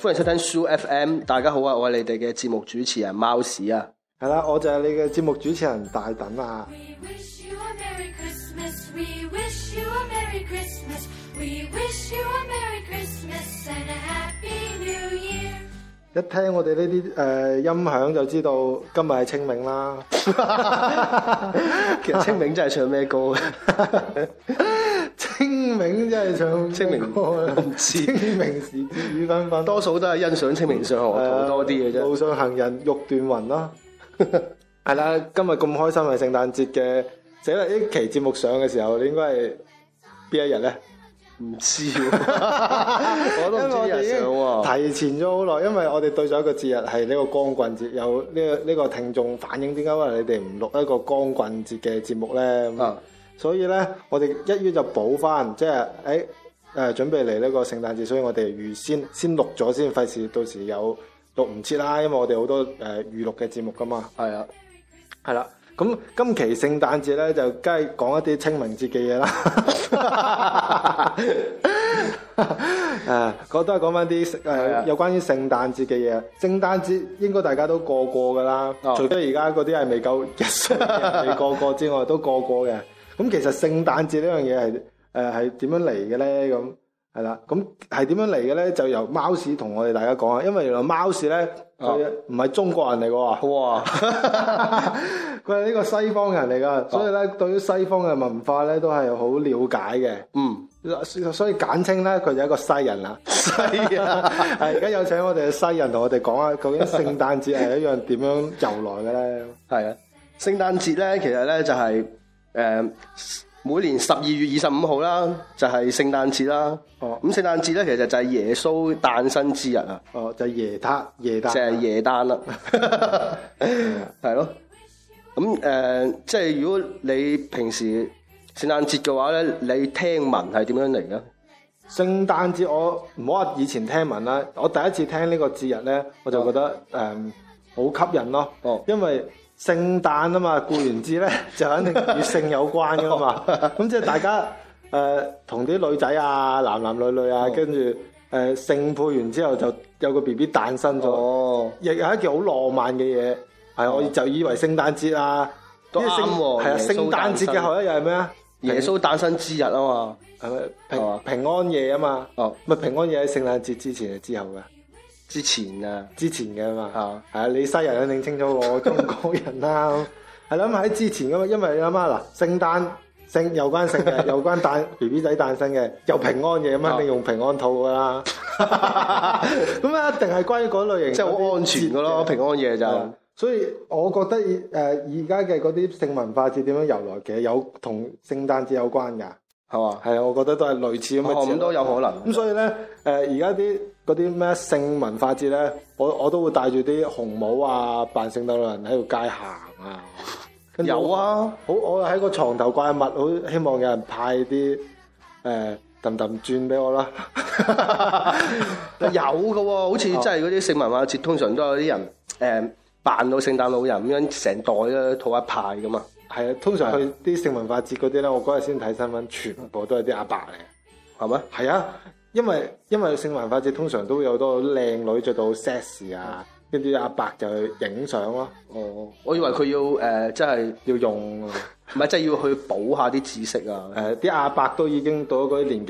歡迎收聽 SooFM，大家好啊，我係你哋嘅節目主持人貓屎啊，係啦，我就係你嘅節目主持人大等啊。一聽我哋呢啲誒音響就知道今日係清明啦。其實清明真係唱咩歌？清明真係唱清明歌。清明時節雨紛紛，多數都係欣賞清明上河圖多啲嘅啫。路上行人欲斷魂啦。係啦，今日咁開心係聖誕節嘅，寫落呢期節目上嘅時候，你應該係邊一日咧？唔知喎， 我都唔知日喎。提前咗好耐，因為我哋對上一個節日係呢個光棍節。有呢、呢個呢、呢個聽眾反映，點解可能你哋唔錄一個光棍節嘅節目咧？咁，uh. 所以咧，我哋一於就補翻，即係誒誒準備嚟呢個聖誕節，所以我哋預先先錄咗先，費事到時有錄唔切啦。因為我哋好多誒、呃、預錄嘅節目噶嘛。係啊、uh.，係啦。咁今期聖誕節咧，就梗係講一啲清明節嘅嘢啦。誒、 啊，都係講翻啲誒有關於聖誕節嘅嘢。聖誕節應該大家都過過噶啦，oh. 除非而家嗰啲係未夠日 未過過之外，都過過嘅。咁、嗯、其實聖誕節、呃、樣呢樣嘢係誒係點樣嚟嘅咧？咁。係啦，咁係點樣嚟嘅咧？就由貓屎同我哋大家講啊，因為原來貓屎咧，佢唔係中國人嚟嘅。哇！佢係呢個西方人嚟噶，啊、所以咧對於西方嘅文化咧都係好了解嘅。嗯，所，所以簡稱咧佢就係一個西人啦。 西啊，係而家有請我哋嘅西人同我哋講啊，究竟聖誕節係一樣點樣由來嘅咧？係啊的，聖誕節咧其實咧就係、是、誒。嗯每年十二月二十五號啦，就係聖誕節啦。哦，咁聖誕節咧，其實就係耶穌誕生之日啊。哦，就係、耶誕耶誕，即係耶誕啦。係咯。咁誒，即係如果你平時聖誕節嘅話咧，你聽聞係點樣嚟嘅？聖誕節我唔好話以前聽聞啦，我第一次聽個節呢個節日咧，我就覺得誒好、哦嗯、吸引咯。哦，因為。聖誕啊嘛，故然之咧就肯定與性有關噶嘛，咁即係大家誒同啲女仔啊、男男女女啊，跟住誒性配完之後就有個 B B 誕生咗，亦係一件好浪漫嘅嘢，係我就以為聖誕節啊，啱係啊，聖誕節嘅後一日係咩啊？耶穌誕生之日啊嘛，係咪平平安夜啊嘛？哦，咪平安夜喺聖誕節之前定之後嘅？之前嘅、啊，之前嘅嘛，係、哦、啊，你西人肯定清楚我中國人啦、啊，係啦，喺之前噶嘛，因為你諗下嗱，聖誕聖有關聖嘅，有關誕 B B 仔誕生嘅，又平安夜啊嘛，你、哦、用平安套噶啦，咁啊，一定係關於嗰類型，即係好安全嘅咯，平安夜就係嗯，所以我覺得誒而家嘅嗰啲性文化節點樣由來，其實有同聖誕節有關嘅。係嘛？係啊，我覺得都係類似咁嘅。紅帽都有可能。咁、嗯、所以咧，誒而家啲啲咩聖文化節咧，我我都會帶住啲紅帽啊，扮聖誕老人喺度街行啊。有啊，好、啊、我喺個床頭掛襪，好希望有人派啲誒氹氹轉俾我啦。 有噶、啊，好似真係嗰啲聖文化節，通常都有啲人誒、呃、扮到聖誕老人咁樣，成袋啊，套一派噶嘛。係啊，通常去啲性文化節嗰啲咧，我嗰日先睇新聞，全部都係啲阿伯嚟，係咪？係啊，因為因為性文化節通常都有多靚女着到 sex 啊，跟住阿伯就去影相咯。哦，我以為佢要誒，即係要用，唔係即係要去補下啲知識啊。誒，啲阿伯都已經到咗嗰啲年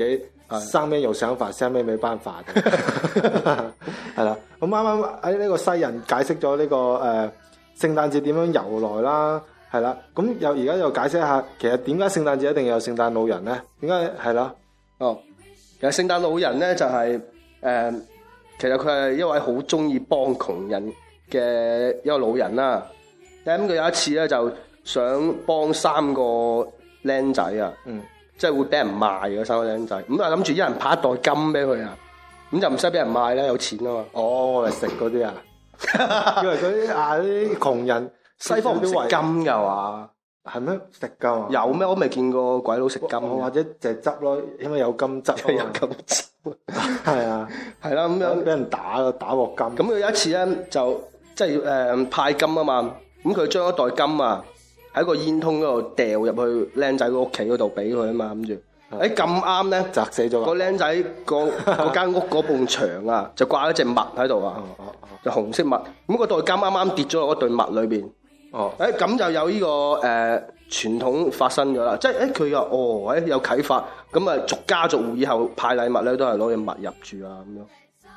紀，生咩用想法，生咩未辦法。係啦，咁啱啱喺呢個西人解釋咗呢個誒，聖誕節點樣由來啦。係啦，咁又而家又解釋一下，其實點解聖誕節一定要有聖誕老人咧？點解係啦？哦，其實聖誕老人咧就係、是、誒、呃，其實佢係一位好中意幫窮人嘅一個老人啦、啊。咁佢有一次咧就想幫三個僆仔啊，嗯、即係會俾人賣嘅三個僆仔，咁啊諗住一人拍一袋金俾佢啊，咁就唔使俾人賣啦，有錢啊嘛。哦，我嚟食嗰啲啊， 以為佢啲啊啲窮人。西方唔食金嘅話，係咩食金？有咩？我未見過鬼佬食金或者就汁執咯，因為有金汁，有金汁。係啊，係啦 對，咁的樣俾人打咯，打鑊金。咁佢有一次咧，就即係誒派金啊嘛，咁佢將一袋金啊，喺個煙通嗰度掉入去僆仔嘅屋企嗰度俾佢啊嘛，諗住，誒咁啱咧，砸死咗個僆仔，個個間屋嗰埲牆啊，就掛咗隻襪喺度啊， 就紅色襪，咁、那個袋金啱啱跌咗落一對襪裏邊。哦，誒、欸、咁就有呢、這個誒、呃、傳統發生咗啦，即係誒佢又哦，誒、欸、有啟發，咁啊逐家逐戶以後派禮物咧都係攞隻襪入住啊咁樣。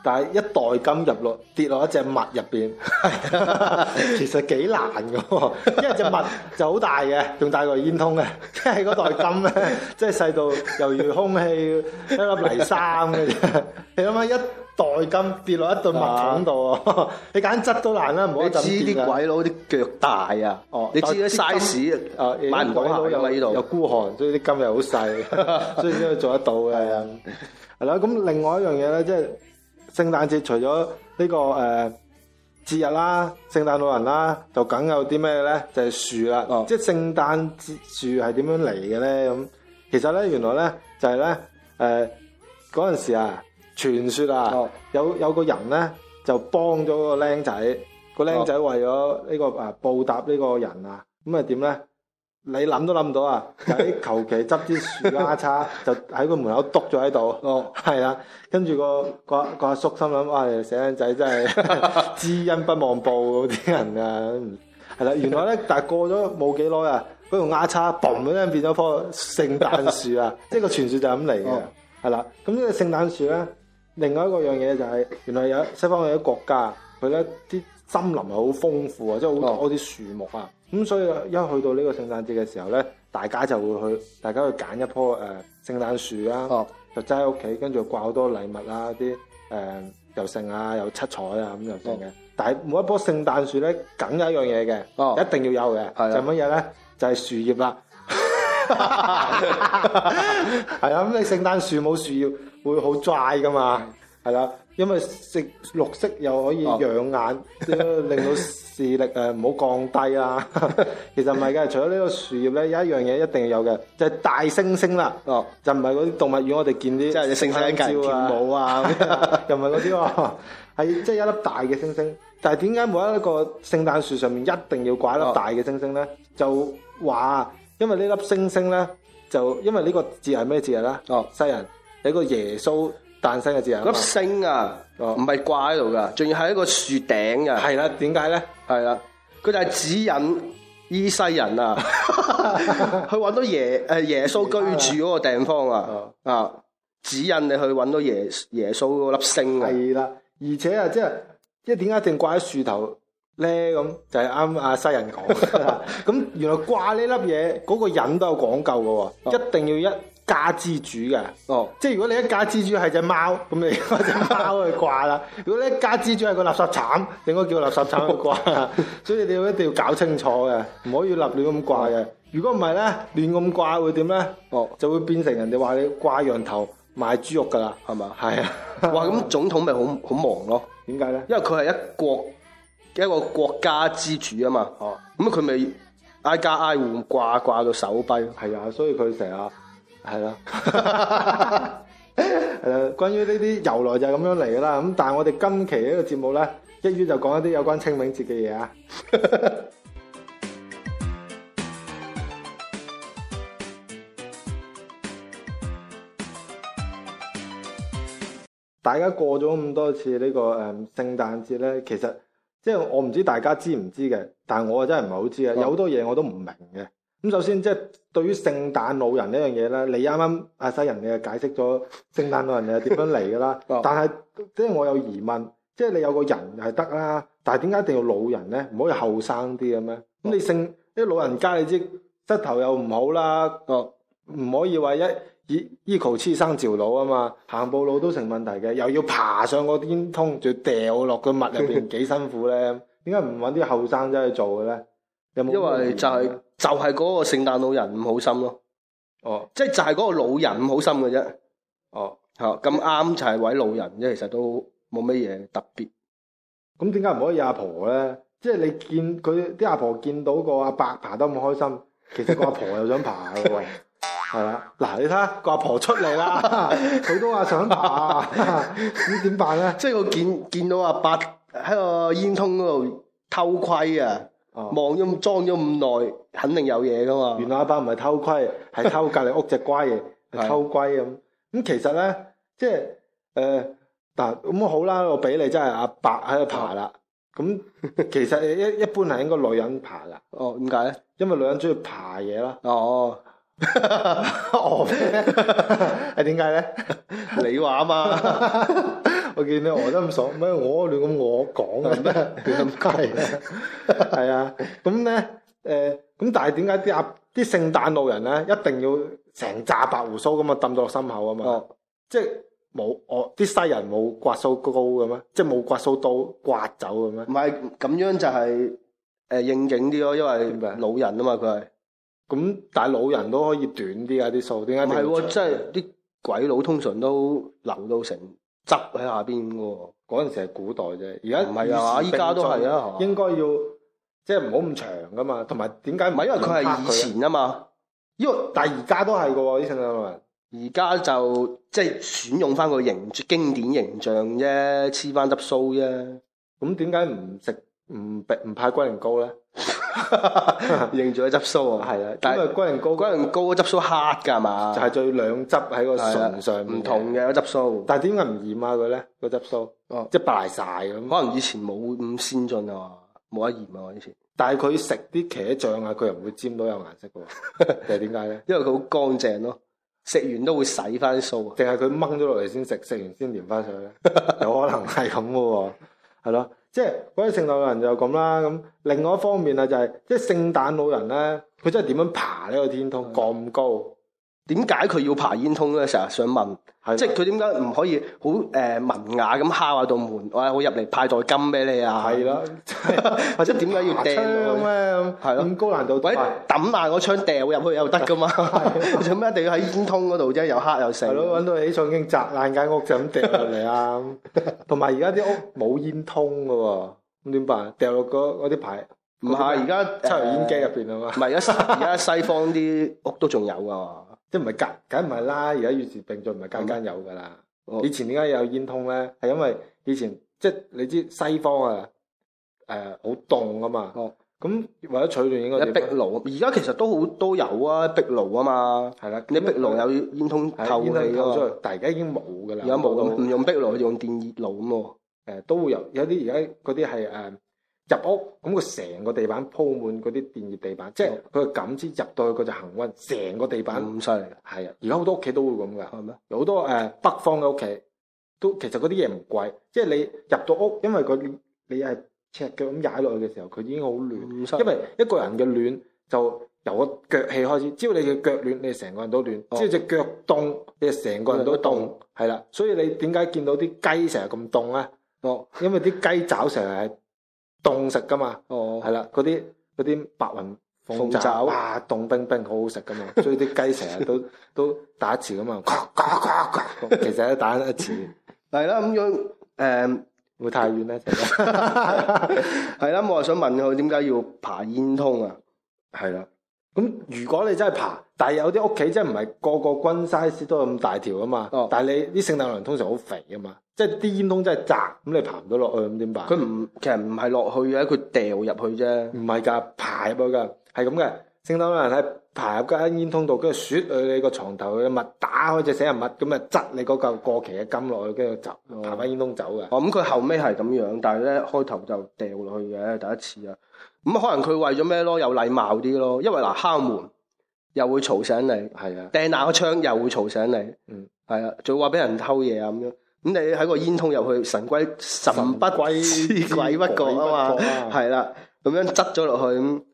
但係一袋金入落跌落一隻襪入邊， 其實幾難嘅，因為一隻襪就好大嘅，仲大過煙通嘅，即係個袋金咧，即係細到猶如空氣一粒泥沙咁嘅啫， 你諗下一。代金跌落一對襪桶度，啊， 你揀質都難啦，唔好一陣跌啊！你知啲鬼佬啲腳大啊？哦，你知啲 size 啊？買唔到鞋啊呢度又孤寒，所以啲金又好細， 所以先可做得到嘅。係 啦，咁另外一樣嘢咧，即係聖誕節除咗呢、這個誒、呃、節日啦、聖誕老人啦，就梗有啲咩咧？就係、是、樹啦，啊、即係聖誕樹係點樣嚟嘅咧？咁其實咧，原來咧就係咧誒嗰陣時啊！傳說啊，有有個人咧就幫咗個僆仔，個僆仔為咗呢個啊報答呢個人啊，咁啊點咧？你諗都諗唔到啊，喺求其執啲樹丫叉，就喺個門口篤咗喺度，哦，係啦。跟住個個阿叔心諗啊，死僆仔真係知恩不忘報嗰啲人啊，係啦。原來咧，但係過咗冇幾耐啊，嗰條丫叉嘣咁樣變咗棵聖誕樹啊！即係個傳說就係咁嚟嘅，係啦。咁呢個聖誕樹咧。另外一個樣嘢就係原來有西方有啲國家佢咧，啲森林係好豐富啊，即係好多啲樹木啊，咁所以一去到呢個聖誕節嘅時候咧，大家就會去，大家去揀一棵誒聖誕樹啦，就齋喺屋企，跟住掛好多禮物啊，啲誒油性啊，有七彩啊咁樣嘅。但係每一棵聖誕樹咧，梗有一樣嘢嘅，一定要有嘅就係乜嘢咧？就係樹葉啦。係啊，咁你聖誕樹冇樹葉。會好齋噶嘛？係啦、mm.，因為食綠色又可以養眼，oh. 令到視力誒唔好降低啦、啊。其實唔係嘅，除咗呢個樹葉咧，有一樣嘢一定要有嘅，就係、是、大星星啦。哦，oh. 就唔係嗰啲動物園我哋見啲聖誕節跳舞啊， 又唔係嗰啲喎，係即係一粒大嘅星星。但係點解每一個聖誕樹上面一定要掛一粒大嘅星星咧？就話因為猩猩呢粒星星咧，就因為呢個字係咩字日咧哦，oh. 西人。喺個耶穌誕生嘅時候啊，粒星啊，唔係掛喺度噶，仲要係一個樹頂啊。係啦，點解咧？係啦，佢就係指引伊西人啊， 去搵到耶誒耶穌居住嗰個地方啊，啊、嗯，指引你去搵到耶耶穌嗰粒星。啊。係啦，而且啊，即係即係點解一定掛喺樹頭咧？咁就係啱阿西人講。咁 原來掛呢粒嘢嗰個人都有講究噶，一定要一。家之主嘅，即係如果你一家之主係隻貓，咁你嗰隻貓去掛啦。如果你一家之主係個垃圾鏟，你應該叫個垃圾鏟去掛啦。所以你要一定要搞清楚嘅，唔可以立亂咁掛嘅。如果唔係咧，亂咁掛會點咧？哦，就會變成人哋話你掛羊頭賣豬肉噶啦，係嘛？係啊。哇，咁總統咪好好忙咯？點解咧？因為佢係一國嘅一個國家之主啊嘛。哦，咁佢咪挨家挨戶咁掛掛到手痹。係啊，所以佢成日。係啦，誒， 關於呢啲由來就係咁樣嚟㗎啦。咁但係我哋今期個節呢個節目咧，講一於就講一啲有關清明節嘅嘢。 大家過咗咁多次、這個嗯、聖誕節呢個誒聖誕節咧，其實即係、就是、我唔知大家知唔知嘅，但係我真係唔係好知嘅，嗯、有好多嘢我都唔明嘅。咁首先即係對於聖誕老人呢樣嘢咧，你啱啱阿西人你又解釋咗聖誕老人係點樣嚟噶啦？ 但係即係我有疑問，即係你有個人係得啦，但係點解一定要老人咧？唔可以後生啲嘅咩？咁 你聖啲老人家，你知膝頭又唔好啦，哦，唔可以話一依 equal 痴生朝老啊嘛，行步路都成問題嘅，又要爬上個天通，再掉落個物入邊幾辛苦咧？點解唔搵啲後生仔去做嘅咧？因為就係就係嗰個聖誕老人唔好心咯，哦，即係就係嗰個老人唔好心嘅啫。哦，哦，吓咁啱就係位老人啫，其實都冇乜嘢特別。咁點解唔可以阿婆咧？即係你見佢啲阿婆見到個阿伯爬，爬得咁開心，其實個阿婆又想爬喎，係啦。 嗱，你睇下個阿婆出嚟啦，佢都話想爬。你點 辦啊？即係我見見到阿伯喺個煙囪嗰度偷窺啊！望咗咁裝咗咁耐，肯定有嘢噶嘛？原來阿爸唔係偷窺，係偷隔離屋隻龜， 偷龜咁。咁、嗯、其實咧，即係誒但，咁、呃嗯、好啦，我俾你真係阿伯喺度爬啦。咁、嗯、其實一一般係應該女人爬噶。 哦，點解咧？因為女人中意爬嘢啦。哦，哦，係點解咧？ 你話說啊嘛？ 我見你我都咁爽，咩我亂咁我講嘅咩亂咁街嘅，係 啊咁咧誒咁，但係點解啲阿啲聖誕老人咧一定要成扎白胡鬚咁啊，揼到落心口啊嘛？哦、即係冇我啲西人冇刮鬚膏嘅咩？即係冇刮鬚刀刮走嘅咩？唔係咁樣就係誒應景啲咯，因為係係老人啊嘛佢。咁但係老人都可以短啲啊啲鬚，點解唔係？即係啲鬼佬通常都留到成。執喺下邊嘅喎，嗰陣時係古代啫，而家唔係啊，依家都係啊，應該要即係唔好咁長嘅嘛，同埋點解唔係因為佢係以前啊嘛，因為但係而家都係嘅喎，醫生啊嘛，而家就即係選用翻個形經典形象啫，黐翻執鬚啫，咁點解唔食？唔並唔怕龜苓膏咧， 認住佢執蘇係啦，但因為龜苓膏龜苓膏汁酥汁一個執蘇黑噶嘛，就係最兩汁喺個唇上唔同嘅一執蘇。但係點解唔染下佢咧個執蘇？哦，即係敗晒咁，可能以前冇咁先進啊，冇得染啊以前。但係佢食啲茄醬啊，佢又唔會沾到有顏色嘅，係點解咧？因為佢好乾淨咯，食完都會洗翻啲蘇。定係佢掹咗落嚟先食，食完先染翻上咧？ 有可能係咁嘅，係咯。 即係嗰啲聖誕老人就咁啦，咁另外一方面啊、就係，就係即係聖誕老人咧，佢真係點樣爬呢個天空咁高？嗯點解佢要排煙通咧？成日想問。即係佢點解唔可以好誒文雅咁敲下道門，或者我入嚟派袋金俾你啊？係咯，或者點解要掟咧？係咯，咁高難度，喂抌爛個窗掉入去又得噶嘛？做咩一定要喺煙通嗰度啫？又黑又成。係咯，搵到起重機砸爛間屋就咁掟入嚟啊！同埋而家啲屋冇煙通噶，咁點辦？掉落嗰嗰啲牌？唔係，而家抽油煙機入邊啊嘛。唔係而家，而家西方啲屋都仲有啊。唔係隔，梗唔係啦。而家越是並咗，唔係間間有噶啦。嗯、以前點解有煙通咧？係因為以前即係你知西方啊，誒好凍噶嘛。哦、嗯，咁為咗取暖應該一壁爐。而家其實都好都有啊，壁爐啊嘛。係啦，啲壁、就是、爐又要煙通透氣喎。而家已經冇噶啦。而家冇咁，唔用壁爐，用電熱爐咁喎、啊呃。都會有有啲而家嗰啲係誒。嗯入屋咁，佢、嗯、成個地板鋪滿嗰啲電熱地板，哦、即係佢感知入到去佢就恆溫，成個地板咁犀利。係啊、嗯，而、嗯、家好多屋企都會咁噶，係咪嗎？好多誒、呃、北方嘅屋企都其實嗰啲嘢唔貴，即係你入到屋，因為佢你係赤腳咁踩落去嘅時候，佢已經好暖，嗯、因為一個人嘅暖就由個腳氣開始。只要你嘅腳暖，你成個人都暖；只要隻腳凍，你成個人都凍。係啦，所以你點解見到啲雞成日咁凍咧？哦，因為啲雞爪成日係。凍食噶嘛，哦、oh.，係啦，嗰啲嗰啲白雲鳳爪，哇爪，凍冰冰，好好食噶嘛。所以啲雞成日都都打一次噶嘛，其實都打一次，係啦，咁樣誒，會太遠咧？係啦，我又想問佢點解要爬煙通啊？係啦，咁 如果你真係爬，但係有啲屋企真係唔係個個均 size 都咁大條啊嘛。Oh. 但係你啲聖誕人通常好肥啊嘛。即係啲煙通真係窄，咁你爬唔到落去，咁點辦？佢唔，其實唔係落去嘅，佢掉入去啫。唔係㗎，爬入去㗎，係咁嘅。聖誕老人喺爬入間煙通度，跟住雪説你個床頭嘅物，打開隻死人物，咁啊，執你嗰嚿過期嘅金落去，跟住走，爬翻煙通走嘅。哦。哦，咁、嗯、佢後尾係咁樣，但係咧開頭就掉落去嘅第一次啊。咁、嗯、可能佢為咗咩咯？有禮貌啲咯，因為嗱、呃、敲門又會嘈醒你，係啊，掟爛個窗又會嘈醒你，嗯，係啊，仲話俾人偷嘢啊咁樣。咁你喺個煙筒入去，神鬼神不鬼鬼不覺啊嘛，係啦，咁樣執咗落去，咁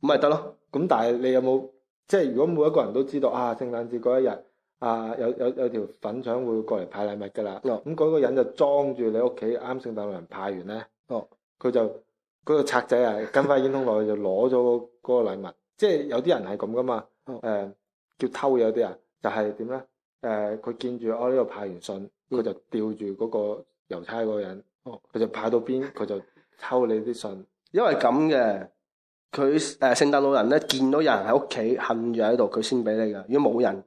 咪得咯。咁但係你有冇，即係如果每一個人都知道啊，聖誕節嗰一日，啊有有有條粉腸會過嚟派禮物噶啦，咁嗰個人就裝住你屋企啱聖誕老人派完咧，哦，佢就嗰個賊仔啊，跟翻煙筒落去就攞咗嗰個禮物，即係有啲人係咁噶嘛，誒叫偷有啲人，就係點咧，誒佢見住我呢度派完信。佢就吊住嗰個郵差嗰個人，佢、哦、就派到邊，佢就偷你啲信。因為咁嘅，佢誒、呃、聖誕老人咧見到有人喺屋企瞓住喺度，佢先俾你噶。如果冇人，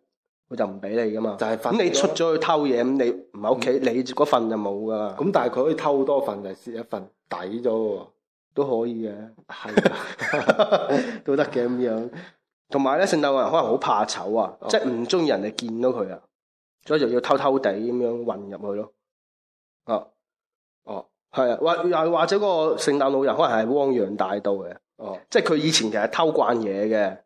佢就唔俾你噶嘛。就係份咁你出咗去偷嘢，咁你唔喺屋企，你嗰、嗯、份就冇噶。咁、嗯、但係佢可以偷多份就蝕一份抵咗，都可以嘅。係， 都得嘅咁樣。同埋咧，聖誕老人可能好怕醜啊，Okay. Okay. 即係唔中意人哋見到佢啊。所以就要偷偷地咁樣運入去咯，哦，哦，係啊，或又或者個聖誕老人可能係汪洋大盜嘅，哦，即係佢以前其實偷慣嘢嘅，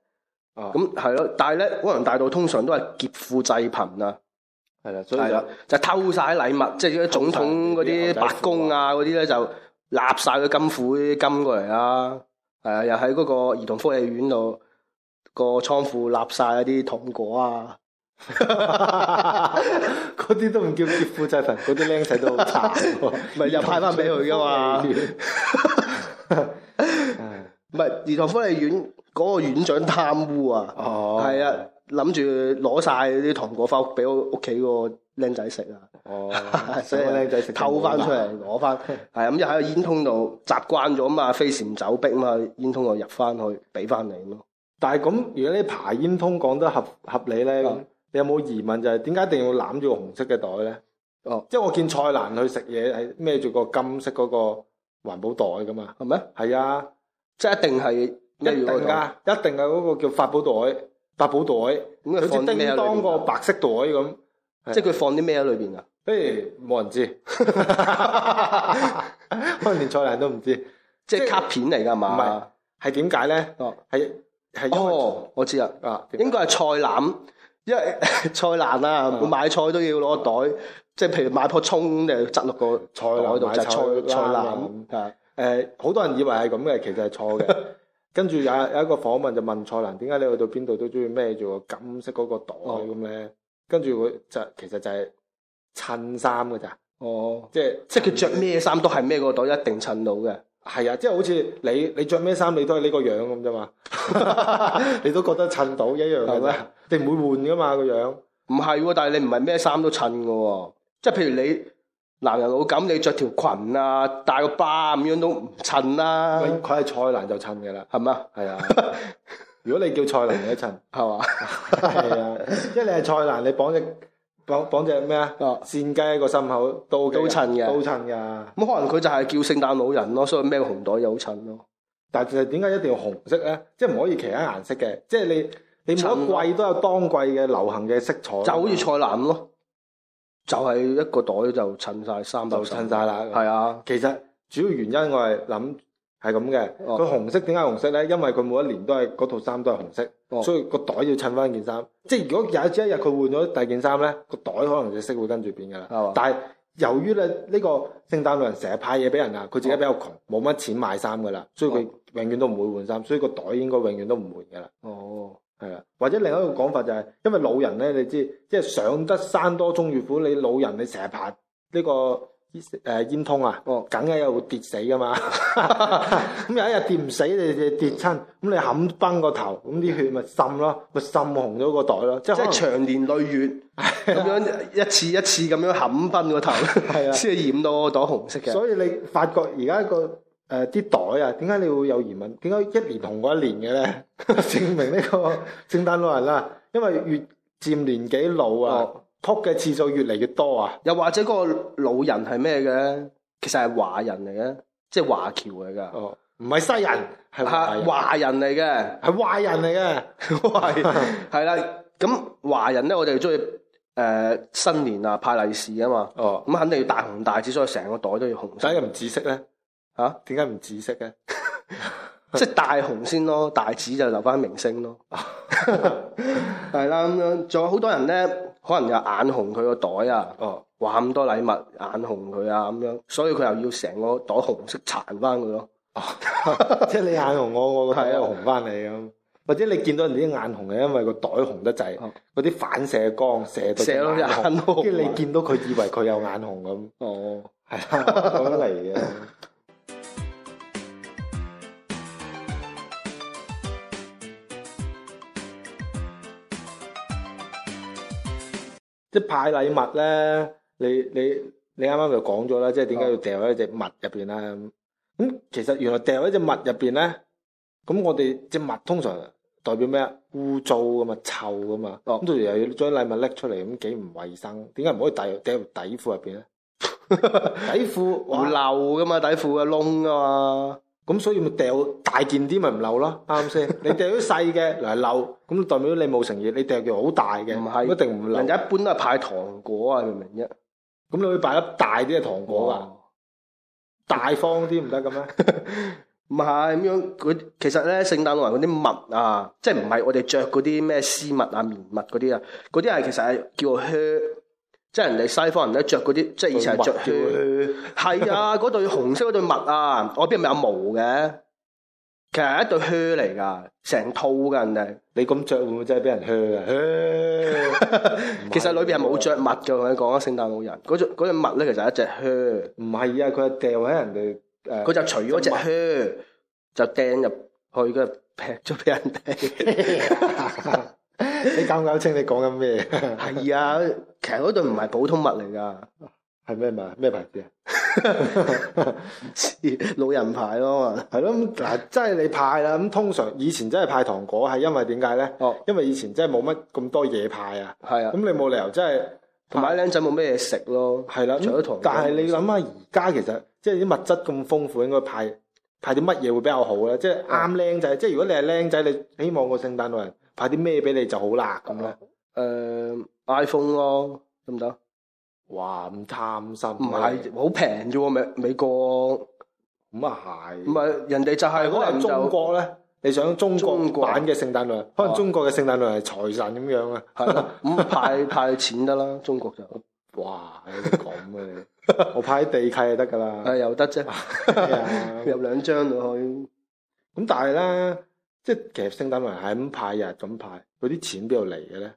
哦，咁係咯，但係咧汪洋大盜通常都係劫富濟貧啊，係啦，所以就就偷晒啲禮物，即係啲總統嗰啲白宮啊嗰啲咧就立晒啲金庫啲金過嚟啊。係啊，又喺嗰個兒童福利院度個倉庫立晒一啲糖果啊。嗰啲 都唔叫劫富濟貧，嗰啲僆仔都慘，唔係又派翻俾佢噶嘛？唔係兒童福利院嗰、嗰個院長貪污啊，哦，係啊，諗住攞晒啲糖果翻屋俾屋企個僆仔食啊，所以僆仔食，哦、偷翻出嚟攞翻，係啊，咁又喺個煙囪度習慣咗嘛，飛檐走壁嘛，煙囪又入翻去俾翻你咯。Product, 但係咁，如果你排煙囪講得合合理咧？ 你有冇疑問？就係點解一定要攬住個紅色嘅袋咧？哦，即係我見蔡瀾去食嘢係孭住個金色嗰個環保袋噶嘛嗎？係咪？係啊，即係一定係一定啊！一定係嗰個叫法寶袋、法寶袋，佢似、嗯、叮噹個白色袋咁。啊、即係佢放啲咩喺裏邊啊？不如，冇人知，可能連蔡瀾都唔知。即係卡片嚟㗎嘛？唔係，係點解咧？係係哦，我知啦，應該係蔡瀾。因為蔡瀾啊，嗯、買菜都要攞個袋，嗯、即係譬如買棵葱就執落個袋菜袋蘭度就菜菜籃，誒蘭，好、呃、多人以為係咁嘅，其實係錯嘅。 跟住有有一個訪問就問蔡瀾，點解你去到邊度都中意孭住個金色嗰個袋咁咧？哦、跟住佢就其實就係襯衫噶咋，哦，即係即係佢着咩衫都係咩個袋一定襯到嘅。係啊，即係好似你你着咩衫，你，你都係呢個樣咁啫嘛， 你都覺得襯到一樣嘅咩？嗎你唔會換噶嘛個樣？唔係喎，但係你唔係咩衫都襯噶喎。即係譬如你男人老繭，你着條裙啊，戴個疤咁樣都唔襯啦。佢係蔡瀾就襯噶啦，係嘛？係啊。如果你叫蔡瀾，你襯係嘛？係 啊，即係你係蔡瀾，你綁隻綁綁隻咩啊？線雞個心口都都襯嘅，都襯嘅。咁可能佢就係叫聖誕老人咯，所以咩個紅袋又好襯咯。但係其實點解一定要紅色咧？即係唔可以其他顏色嘅。即係你你每一季都有當季嘅流行嘅色彩。就好似菜籃咁咯，就係一個袋就襯晒三。就襯晒啦。係啊，其實主要原因我係諗。係咁嘅，佢、哦、紅色點解紅色呢？因為佢每一年都係嗰套衫都係紅色，哦、所以個袋要襯翻件衫。即係如果有朝一日佢換咗第二件衫呢，個袋可能就色會跟住變噶啦。哦、但係由於咧呢、這個聖誕老人成日派嘢俾人啊，佢自己比較窮，冇乜、哦、錢買衫噶啦，所以佢永遠都唔會換衫，所以個袋應該永遠都唔換噶啦。哦，係啦，或者另一個講法就係、是，因為老人呢，你知即係上得山多終遇虎，你老人你成日派呢個。啲誒煙通啊，梗係會跌死噶嘛、 嗯，咁有一日跌唔死你，就跌親，咁你冚崩個頭，咁啲血咪滲咯，咪滲紅咗個袋咯，即係長年累月咁 樣一次一次咁樣冚崩個頭，先 是、啊、染到個袋紅色嘅。所以你發覺而家個誒啲袋啊，點解你會有疑問？點解一年紅過一年嘅咧？ 證明呢個聖誕老人啦、啊，因為越漸年紀老啊。哦哦撲嘅次數越嚟越多啊！又或者嗰個老人係咩嘅？其實係華人嚟嘅，即係華僑嚟噶，唔係、哦、西人，吓華、嗯、人嚟嘅，係華、啊、人嚟嘅，華人係啦。咁 華 人咧，我哋中意誒新年啊派利是啊嘛。哦，咁、嗯、肯定要大紅大紫，所以成個袋都要紅色。點解唔紫色咧？吓、啊？點解唔紫色嘅？即 係 大紅先咯，大紫就留翻明星咯。係 啦， 咁樣仲有好多人咧。可能又眼紅佢個袋啊，哦，話咁多禮物，眼紅佢啊咁樣，所以佢又要成個袋紅色殘翻佢咯。哦， 即係你眼紅我，我、嗯、個袋紅翻你咁，或者你見到人哋啲眼紅係因為個袋紅得滯，嗰啲反射光射到眼紅，射到入去，跟住、啊、你見到佢以為佢有眼紅咁。哦，係啦、 哦，講得嚟嘅。 即派禮物咧，你你你啱啱咪講咗啦，即點解要掉喺隻襪入邊咧？咁、嗯、其實原來掉喺隻襪入邊咧，咁我哋隻襪通常代表咩啊？污糟噶嘛，臭噶嘛，咁、哦、到時又要將禮物拎出嚟，咁幾唔衞生？點解唔可以掟入底褲入邊咧？底褲會漏噶嘛，底褲嘅窿啊嘛。咁所以咪掉大件啲咪唔漏咯，啱先？你掉啲細嘅嗱，漏，咁代表你冇誠意。你掉件好大嘅，唔係，一定唔漏。人哋一般都係派糖果啊，明唔明啫？咁你可以擺粒大啲嘅糖果啊，哦、大方啲唔得嘅咩？唔係咁樣，佢其實咧，聖誕老人嗰啲襪啊，即係唔係我哋着嗰啲咩絲襪啊、棉襪嗰啲啊？嗰啲係其實係叫做靴。即係人哋西方人咧着嗰啲，即係以前係着靴，係啊，嗰對紅色嗰對襪啊，外邊咪有毛嘅，其實係一對靴嚟噶，成套噶人哋，你咁着會唔會真係俾人靴啊？靴？ 其實裏邊係冇着襪嘅，同你講啊，聖誕老人嗰對嗰對襪咧，其實係一隻靴，唔係啊，佢掉喺人哋，佢就除咗隻靴，就掟入去嘅劈咗俾人哋。你搞唔搞清你講緊咩？係 啊，其實嗰對唔係普通物嚟噶。係咩物？咩牌子啊？唔 老人牌咯嘛。係咯、 啊，嗱，即係你派啦。咁通常以前真係派糖果，係因為點解咧？哦，因為以前真係冇乜咁多嘢派啊。係啊。咁你冇理由真係同埋僆仔冇咩嘢食咯。係啦、啊，除咗糖果、嗯。但係你諗下，而家其實即係啲物質咁豐富，應該派派啲乜嘢會比較好咧？即係啱僆仔。即係如果你係僆仔，你希望個聖誕老人。派啲咩俾你就好啦咁咧？誒 iPhone 咯，得唔得？哇！唔貪心。唔係，好平啫喎，美美國。咁啊係。唔係人哋就係可能中國咧，你想中國版嘅聖誕禮，可能中國嘅聖誕禮係財神咁樣啊。係咁派派錢得啦，中國就。哇！咁嘅。我派地契就得噶啦。係又得啫，入兩張落去。咁但係咧。即係其實聖誕節係咁派呀，咁派佢啲錢邊度嚟嘅咧？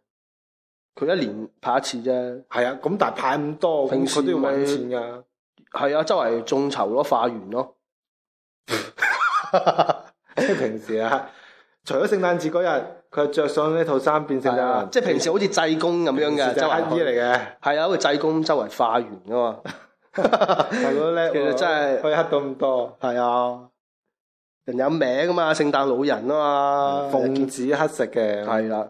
佢一年派一次啫。係啊，咁但係派咁多，平時佢都要揾錢㗎。係啊，周圍眾籌咯，化緣咯。即係 平時啊，除咗聖誕節嗰日，佢着上呢套衫變成啊，即係平時好似濟公咁樣嘅，周乞衣嚟嘅。係 啊，好似濟公周圍化緣㗎嘛 其、 啊。其實真係佢黑到咁多，係啊。人有名啊嘛，聖誕老人啊嘛，奉旨乞食嘅。係啦，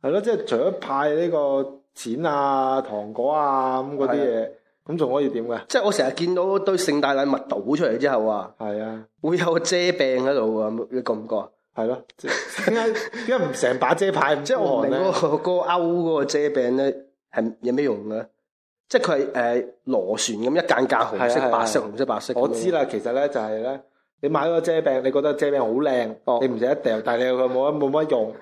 係咯，即係除咗派呢個錢啊、糖果啊咁嗰啲嘢，咁仲的可以點嘅？即係我成日見到堆聖誕禮物倒出嚟之後啊，係啊的，會有遮柄喺度啊，你覺唔覺啊？係咯，點解點解唔成把遮牌？唔知我唔明嗰個嗰勾嗰個遮柄咧，係有咩用咧？即係佢係誒螺旋咁一間間紅色白色紅色白色。我知啦，其實咧就係咧，你買嗰個遮柄，你覺得遮柄好靚，你唔使掉，但係你佢冇乜冇乜用。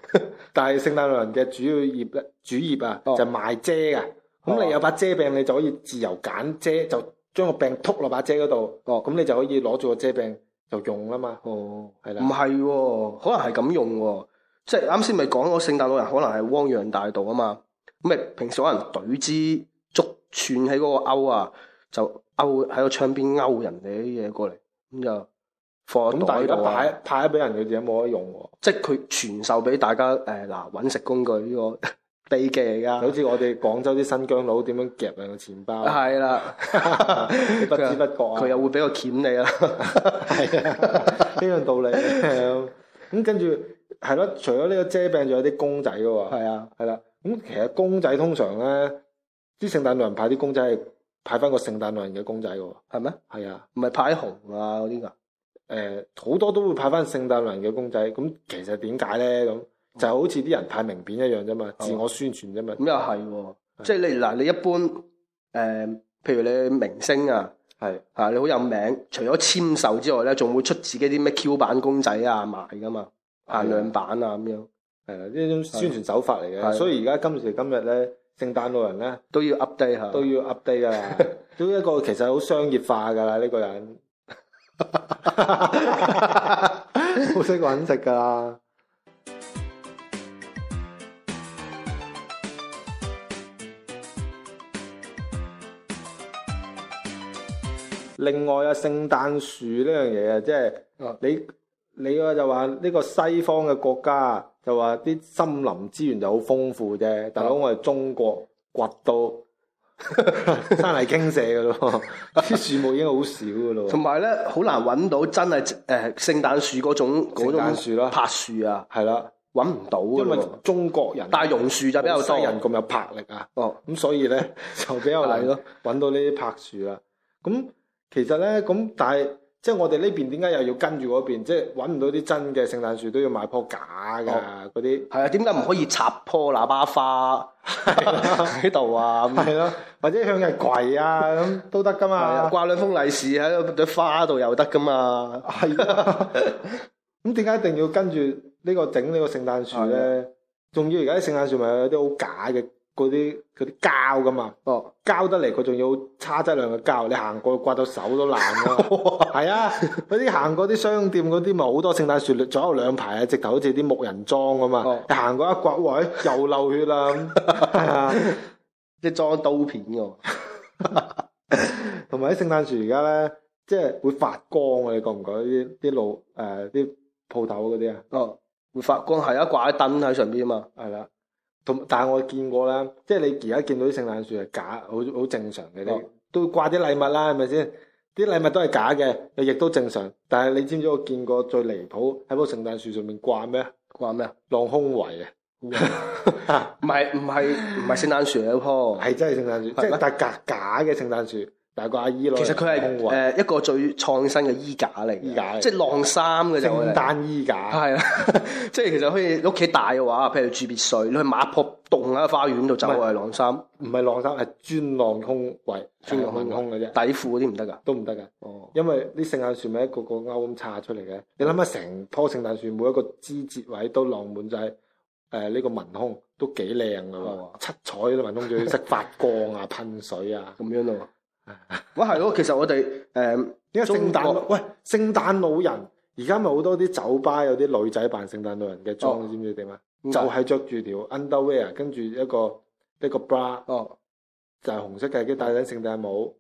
但係聖誕老人嘅主要業咧主業啊，就賣遮噶。咁你有把遮柄，你就可以自由揀遮，就將個柄揼落把遮嗰度。哦，咁你就可以攞住個遮柄。就用啊嘛，哦，係啦，唔係喎，可能係咁用喎，即係啱先咪講嗰聖誕老人可能係汪洋大道啊嘛，咪平時可能懟支竹串喺嗰個勾啊，就勾喺個窗邊勾人哋啲嘢過嚟，咁就放喺袋度啊。咁大家派派咗俾人哋有冇得用喎？即係佢傳授俾大家誒嗱揾食工具呢個。 秘技嚟噶，好似我哋廣州啲新疆佬點樣夾兩個錢包，係啦的， 不知不覺啊，佢又會俾個鉗你啦，係 啊，呢樣道理。咁、 嗯、跟住係咯，除咗呢個遮柄，仲有啲公仔噶喎。係啊，係啦。咁、嗯、其實公仔通常咧，啲聖誕老人派啲公仔係派翻個聖誕老人嘅公仔噶喎。係咩嗎？係啊的，唔係派熊啊嗰啲噶。誒、這個，好、呃、多都會派翻聖誕老人嘅公仔。咁其實點解咧咁？就好似啲人派名片一樣啫嘛，自我宣傳啫嘛。咁、哦、又係、哦，是即係你嗱，你一般誒、呃，譬如你明星啊，係嚇是你好有名，除咗簽售之外咧，仲會出自己啲咩 Q 版公仔啊賣㗎嘛，限、啊、量版啊咁樣。係啊，呢種宣傳手法嚟嘅。啊、所以而家今時今日咧，聖誕老人咧都要 update 下，都要 update 㗎，都一個其實好商業化㗎啦呢個人。好識揾食㗎～另外啊，聖誕樹呢樣嘢啊，即係你你啊就話呢個西方嘅國家就話啲森林資源就好豐富啫。大佬，我哋中國掘到山泥傾瀉嘅咯，啲 樹木已經好少嘅咯。同埋咧，好難揾到真係誒、呃、聖誕樹嗰種嗰種柏樹啊，係啦、啊，揾唔、嗯、到嘅咯。因為中國人，但榕樹就比較多人咁有魄力啊。哦，咁所以咧就比較難咯，揾到呢啲柏樹啊，咁。 其實咧，咁但係即係我哋呢邊點解又要跟住嗰邊，即係搵唔到啲真嘅聖誕樹都要買棵假嘅嗰啲。係、哦、嗰啲啊，點解唔可以插棵喇叭花喺度 啊？係咯、啊， 或者向日葵啊，咁 都得噶嘛？ 啊、掛兩封利是喺朵花度又得噶嘛？係啊，咁點解一定要跟住呢個整呢個聖誕樹咧？仲要而家啲聖誕樹咪有啲好假嘅？嗰啲啲膠噶嘛，膠得嚟佢仲要差質量嘅膠，你行過刮到手都爛咯。係啊，嗰啲行過啲商店嗰啲，咪好多聖誕樹左右兩排啊，直頭好似啲木人樁噶嘛。行過一刮，喂、哎，又漏血啊！即裝刀片嘅，同埋啲聖誕樹而家咧，即係會發光啊。你覺唔覺啲啲老誒啲鋪頭嗰啲啊？哦，會發光係啊，掛喺燈喺上邊啊嘛，係啦。咁但係我見過啦，即係你而家見到啲聖誕樹係假，好好正常嘅。你都掛啲禮物啦，係咪先？啲禮物都係假嘅，亦都正常。但係你知唔知我見過最離譜喺棵聖誕樹上面掛咩？掛咩啊？晾胸圍啊！唔係唔係唔係聖誕樹嗰棵，係 真係聖誕樹，係吧即係但係假假嘅聖誕樹。大個阿姨囉，其實佢係誒一個最創新嘅衣架嚟，即係晾衫嘅聖誕衣架。係啦，即係其實可以屋企大嘅話，譬如住別墅，你去挖破洞喺花園度走，係晾衫。唔係晾衫，係專晾空位、專晾文胸嘅啫。底褲嗰啲唔得㗎，都唔得㗎。哦，因為啲聖誕樹咪一個個勾咁插出嚟嘅。你諗下，成棵聖誕樹每一個枝節位都晾滿晒。誒，呢個文胸，都幾靚㗎喎。七彩啲文胸仲要識發光啊，噴水啊，咁樣咯。喂，係咯，其實我哋誒，依家聖誕喂聖誕老人，而家咪好多啲酒吧有啲女仔扮聖誕老人嘅裝，你知唔知點啊？就係着住條 underwear，跟住一個一個 bra，就係紅色嘅，跟住戴頂聖誕帽，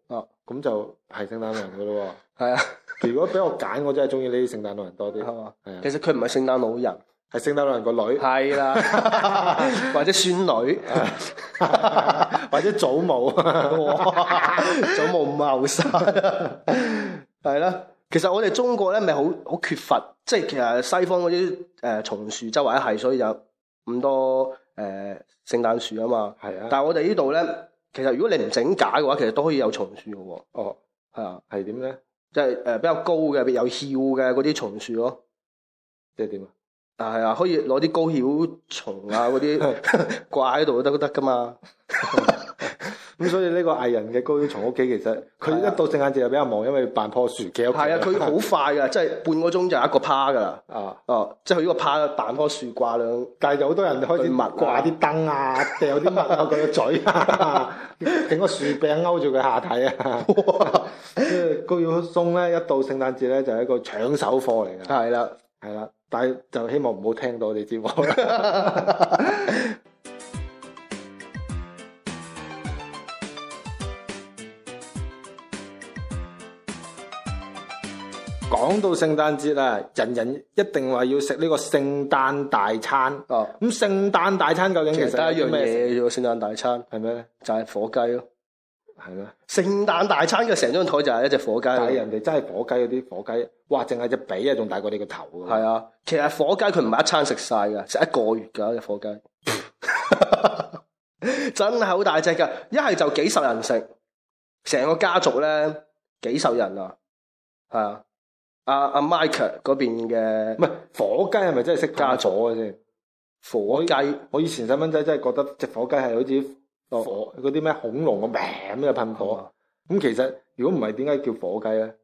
咁就係聖誕人噶咯。係啊，如果俾我揀，我真係中意呢啲聖誕老人多啲。其實佢唔係聖誕老人，係聖誕老人個女，係啦，或者孫女。或者祖母，祖母唔係咁後生，係啦。其實我哋中國咧，咪好好缺乏，即係其實西方嗰啲誒松樹周圍都係，所以有咁多誒聖誕樹啊嘛。係啊。但係我哋呢度咧，其實如果你唔整假嘅話，其實都可以有松樹嘅。哦，係啊，係點咧？即係誒、呃，比較高嘅，有翹嘅嗰啲松樹咯。即係點啊？啊，係啊，可以攞啲高曉松啊嗰啲掛喺度都得噶嘛。咁所以呢個藝人嘅高曉松屋企，其實佢一到聖誕節就比較忙，因為扮棵樹嘅屋企。係啊，佢好快噶，即係半個鐘就一個趴噶啦。啊，哦，即係佢呢個趴扮棵樹掛咯，但係就好多人開始掛啲燈啊，掟啲物喺佢嘅嘴啊，整個樹柄勾住佢下體啊。高曉松咧一到聖誕節咧就係一個搶手貨嚟噶。係啦，係啦。但係就希望唔好聽到我哋啲節目。講 到聖誕節啦，人人一定話要食呢個聖誕大餐。哦、啊，咁聖誕大餐究竟其實一樣嘢叫聖誕大餐係咩咧？就係、是、火雞咯、哦。係啦，聖誕大餐嘅成張台就係一隻火雞，但人哋真係火雞嗰啲火雞，哇，淨係隻髀啊，仲大過你個頭啊。係啊，其實火雞佢唔係一餐食晒噶，食一個月噶一隻火雞， 真係好大隻噶。一係就幾十人食，成個家族咧，幾十人啊，係啊，阿、啊、阿、啊、Michael 嗰邊嘅，唔係火雞係咪真係識加咗嘅先？火雞，我以前細蚊仔真係覺得隻火雞係好似。火嗰啲咩恐龍個名，咩噴火？咁其實如果唔係點解叫火雞咧？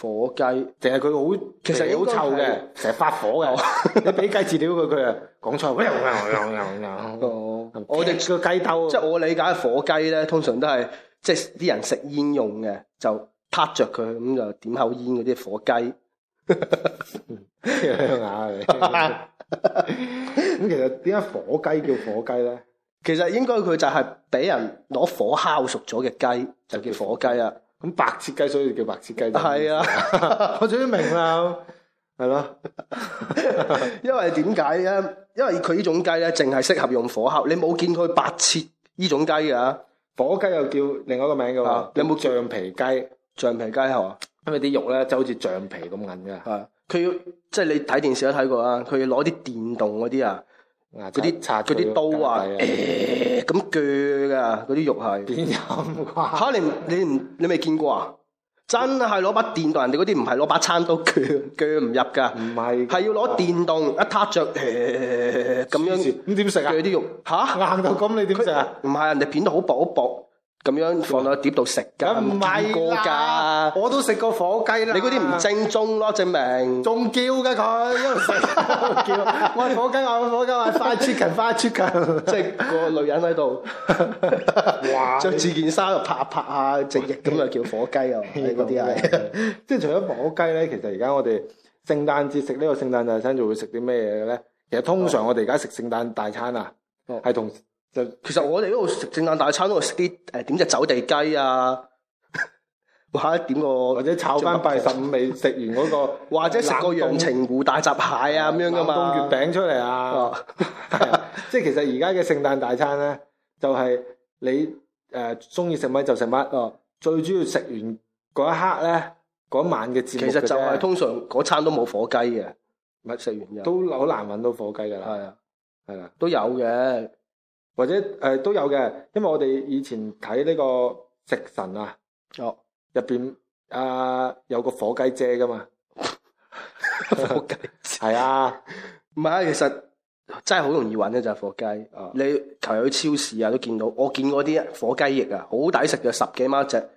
火雞淨係佢好，其實好臭嘅，成日發火嘅。你俾雞飼料佢，佢啊講錯，又又又又。我哋個雞兜，即係我理解火雞咧，通常都係即係啲人食煙用嘅，就撻着佢咁就點口煙嗰啲火雞。吓，咁其實點解火雞叫火雞咧？其實應該佢就係俾人攞火烤熟咗嘅雞，就叫火雞啊。咁白切雞所以就叫白切雞。係啊，我終於明啦，係咯。因為點解咧？因為佢呢種雞咧，淨係適合用火烤。你冇見佢白切呢種雞噶？火雞又叫另外一個名噶嘛？啊、你有冇橡皮雞？橡皮雞係嘛？因為啲肉咧就好似橡皮咁硬噶。係、啊，佢要即係你睇電視都睇過啊，佢要攞啲電動嗰啲啊。嗱，嗰啲嗰啲刀啊，咁鋸㗎，嗰啲、呃、肉係，吓哪有 你你唔你未見過啊？真係攞把電動，人哋嗰啲唔係攞把餐刀鋸，鋸唔入㗎，唔係，係要攞電動一撻、啊、著，咁、呃、樣的，你點食啊？嗰啲肉，吓硬到咁，你點食啊？唔係、啊，人哋片得好薄，薄，薄。咁樣放到碟度食噶，唔見過噶，我都食過火雞啦。你嗰啲唔正宗咯，證明仲叫嘅佢，一路食我係火雞，我係火雞，我係 fire chicken，fire chicken，即係個女人喺度，着住件衫又拍下拍下，直譯咁啊叫火雞啊，嗰啲啊。即係除咗火雞咧，其實而家我哋聖誕節食呢個聖誕大餐，仲會食啲咩嘢嘅咧？其實通常我哋而家食聖誕大餐啊，係同。就其實我哋嗰度食聖誕大餐都係食啲誒點隻走地雞啊一，或者點個或者炒翻八十五味，食完嗰個或者食個陽澄湖大閘蟹啊咁樣噶嘛，月餅出嚟啊，即係其實而家嘅聖誕大餐咧，就係你誒中意食乜就食乜哦，最主要食完嗰一刻咧，嗰晚嘅節目，其實就係通常嗰餐都冇火雞嘅，唔係食完都好難搵到火雞噶啦，係啊，係啦，都有嘅。或者誒、呃、都有嘅，因為我哋以前睇呢個食神啊，入邊啊有個火雞姐噶嘛， 火雞係姐啊，唔係啊，其實真係好容易揾嘅就係、火雞，哦、你頭去超市啊都見到，我見嗰啲火雞翼啊好抵食嘅，十幾蚊一隻。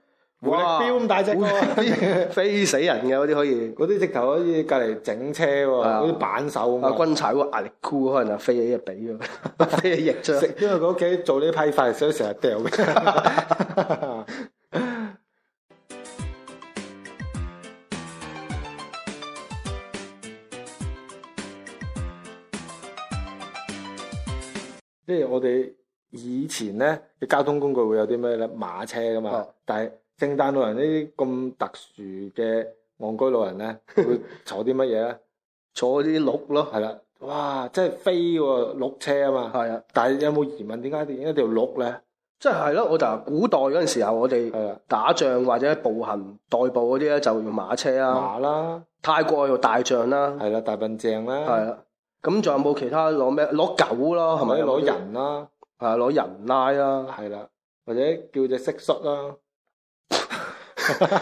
回力鏢咁大隻，啊，飛死人嘅嗰啲可以，嗰啲直頭可以隔籬整車喎，嗰啲扳手啊，軍柴嗰個壓力箍可能就飛起一髀啊，飛起翼咗。 因為佢屋企做呢批發，所以成日掉嘅。即係我哋以前咧嘅交通工具會有啲咩咧？馬車噶嘛，是的 但係。聖誕老人呢啲咁特殊嘅憨居老人咧，會坐啲乜嘢咧？坐啲鹿咯，係啦，哇，即係飛個鹿車啊嘛！係啊，但係有冇疑問？點解點解一定要鹿咧？即係咯，我就古代嗰陣時候，我哋誒打仗或者步行代步嗰啲咧，就用馬車啊，馬啦，泰國要大象啦，係啦，大笨象啦，係啦。咁仲有冇其他攞咩？攞狗咯，係咪？攞人啦，係啊，攞人拉啦，係啦，或者叫隻蟋蟀啦。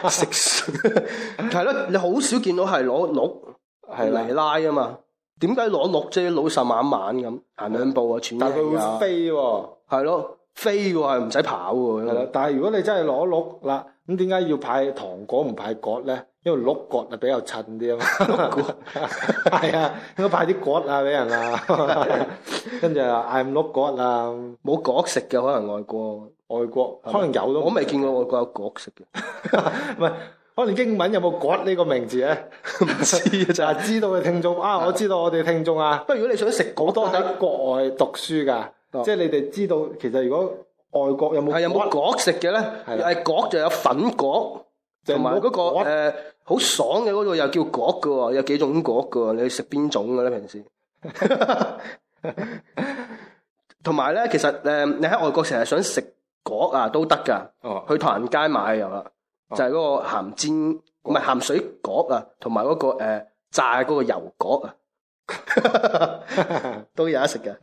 食係咯，你好少見到係攞鹿，係嚟拉啊嘛？點解攞鹿啫？老實慢慢咁行兩步啊，全、啊、但係佢會飛、啊，係咯，飛嘅係唔使跑嘅、啊。但係如果你真係攞鹿，啦。咁點解要派糖果唔派角咧？因為碌角啊比較襯啲啊嘛，係 啊，應該派啲角啊俾人啊，跟住啊，I'm 碌角啊，冇角食嘅可能外國外國，可能有都我未見過外國有角食嘅，唔 係，可能英文有冇角呢個名字咧？唔知啊，就係知道嘅 聽眾啊，我知道我哋聽眾啊。 不過如果你想食果多，喺國外讀書噶，即係、嗯、你哋知道，其實如果。外國有冇係有冇果食嘅咧？係果，的果就有粉角，同埋嗰個好果、呃、爽嘅嗰個又叫角嘅喎，有幾種角嘅喎，你食邊種嘅咧？平時，同埋咧，其實誒、呃、你喺外國成日想食角啊，都得噶。哦，oh. 去唐人街買又啦，oh. 就係嗰個鹹煎唔係果鹹水角啊，同埋嗰個、呃、炸嗰個油角啊， 都有得食嘅。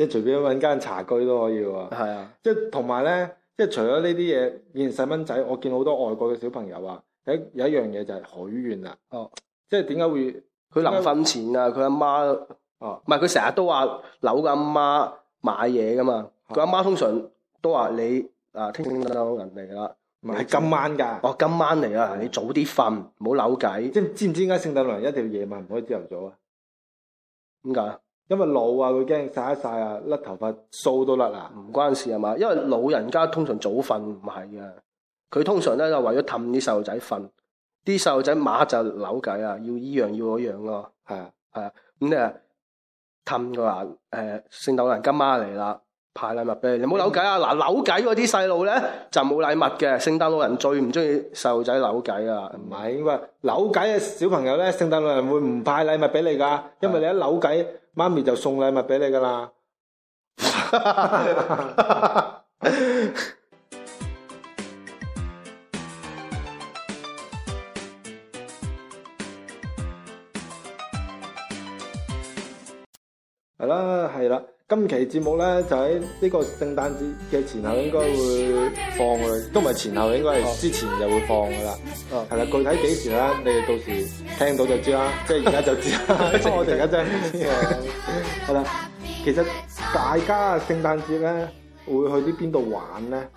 即係隨便揾間茶居都可以喎。係啊，即係同埋咧，即係除咗呢啲嘢，以前細蚊仔，我見好多外國嘅小朋友、哦、啊，有有一樣嘢就係許願啦。哦，即係點解會佢臨瞓前啊？佢阿媽哦，唔係佢成日都話扭緊阿媽買嘢噶嘛。佢阿媽通常都話你啊，聽聖誕老人嚟㗎啦，唔係今晚㗎。哦，今晚嚟啊，你早啲瞓，唔好扭計。即係知唔知點解聖誕老人一定要夜晚唔可以朝頭早啊？點解？因為老啊，會驚晒一晒啊，甩頭髮、梳都甩啊，唔關事係嘛。因為老人家通常早瞓唔係啊，佢通常咧就為咗氹啲細路仔瞓，啲細路仔馬就扭計啊，要依樣要嗰樣咯，係啊係啊。咁啊，氹佢話誒，聖誕老人今晚嚟，啦派禮物俾你，你冇扭計啊！嗱，扭計嗰啲細路咧就冇禮物嘅。聖誕老人最唔中意細路仔扭計啊，唔係、嗯，因為扭計嘅小朋友咧，聖誕老人會唔派禮物俾你噶，因為你，是因為你一扭計。媽咪就送禮物畀你㗎啦。係啦，係啦，今期節目咧就喺呢個聖誕節嘅前後應該會放去，都唔係前後，應該係之前就會放啦。哦，係啦，具體幾時咧？你哋到時聽到就知啦，即係而家就知啦。即係 我哋而家真係啦， 其實大家聖誕節咧會去啲邊度玩咧？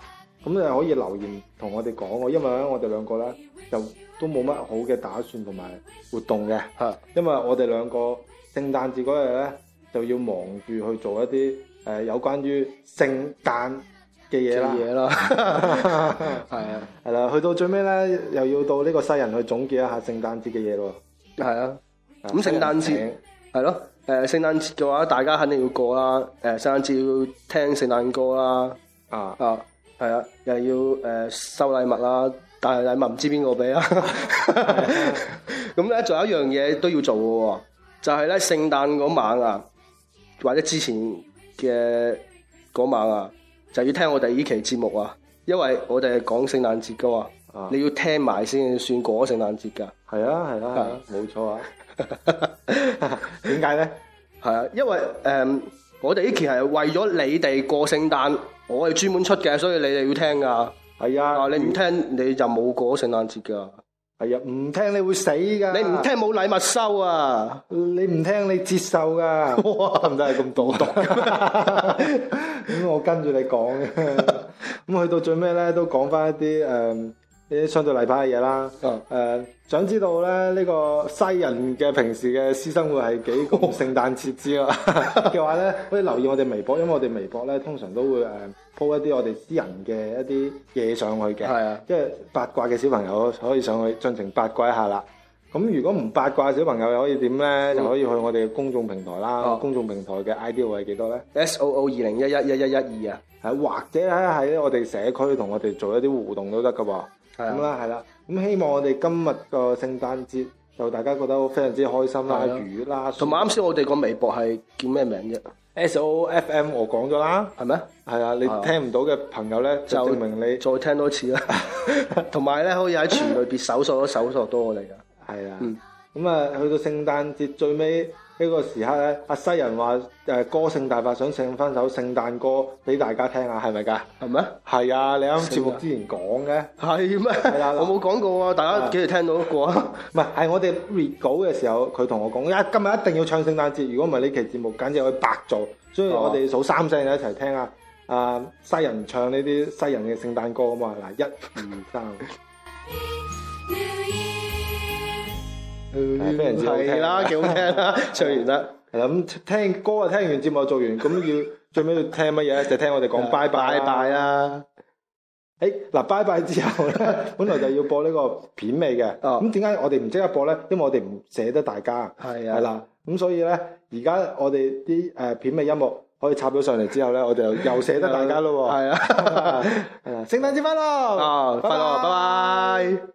咁你可以留言同我哋講，因為咧我哋兩個咧就都冇乜好嘅打算同埋活動嘅。吓的，因為我哋兩個聖誕節嗰日咧。就要忙住去做一啲誒有關於聖誕嘅嘢啦，係啊，係啦，去到最尾咧，又要到呢個世人去總結一下聖誕節嘅嘢咯。係啊，咁聖誕節係咯，誒聖誕節嘅話，大家肯定要過啦，誒聖誕節要聽聖誕歌啦，啊啊，係啊，又要誒收禮物啦，但係禮物唔知邊個俾啊。咁咧，仲有一樣嘢都要做嘅喎，就係咧聖誕嗰晚啊！或者之前嘅嗰晚啊，就要聽我哋呢期節目啊，因為我哋係講聖誕節噶嘛，啊、你要聽埋先算過咗聖誕節噶。係啊係啊，冇、啊啊啊、錯啊。點解咧？係啊，因為誒，um, 我哋呢期係為咗你哋過聖誕，我哋專門出嘅，所以你哋要聽噶。係啊，啊，你唔聽你就冇過咗聖誕節噶。係啊，唔、哎、聽你會死噶！你唔聽冇禮物收啊！你唔聽你接受噶，哇！真係咁多？咁 我跟住你講嘅，咁 去到最尾咧都講翻一啲誒。Um, 啲相對禮拜嘅嘢啦，誒、uh, 呃，想知道咧呢、呢個西人嘅平時嘅私生活係幾高聖誕設置啊、oh？ 嘅話咧可以留意我哋微博，因為我哋微博咧通常都會誒 po、呃、一啲我哋私人嘅一啲嘢上去嘅，係啊，即係八卦嘅小朋友可以上去盡情八卦一下啦。咁如果唔八卦嘅小朋友又可以點咧？Mm. 就可以去我哋嘅公眾平台啦。Oh. 公眾平台嘅 ID 係幾多咧？S、so、O O 二零一一一一一二啊，係或者喺喺我哋社區同我哋做一啲互動都得噶喎。咁啦，係啦，咁希望我哋今日個聖誕節就大家覺得非常之開心啦，魚啦，同埋啱先我哋個微博係叫咩名啫？S O F M，我講咗啦，係咪？係啊，你聽唔到嘅朋友咧，就證明你再聽多次啦。同埋咧，可以喺全類別搜索都搜索到我哋噶，係啊。咁啊，去到聖誕節最尾。呢個時刻咧、啊，阿西人話誒、呃，歌聲大發，想唱翻首聖誕歌俾大家聽下，係咪噶？係咩嗎？係啊，你啱啱節目之前講嘅。係咩嗎？的 我冇講過啊，大家幾時聽到過啊？唔係、 嗯，係我哋 read 稿嘅時候，佢同我講，一今日一定要唱聖誕節，如果唔係呢期節目，簡直可以白做。所以我哋數三聲，一齊聽下啊！阿、呃、西人唱呢啲西人嘅聖誕歌啊嘛。嗱、嗯，一、二、三。係啦，幾好聽啦，唱完啦，係啦咁聽歌啊，聽完節目做完，咁要最尾要聽乜嘢咧？就聽我哋講拜拜拜啦！誒，嗱拜拜之後咧，本來就要播呢個片尾嘅，咁點解我哋唔即刻播咧？因為我哋唔捨得大家，係啊，係啦，咁所以咧，而家我哋啲誒片尾音樂可以插咗上嚟之後咧，我哋就又捨得大家咯，係啊，聖誕節快樂，哦，快樂，拜拜。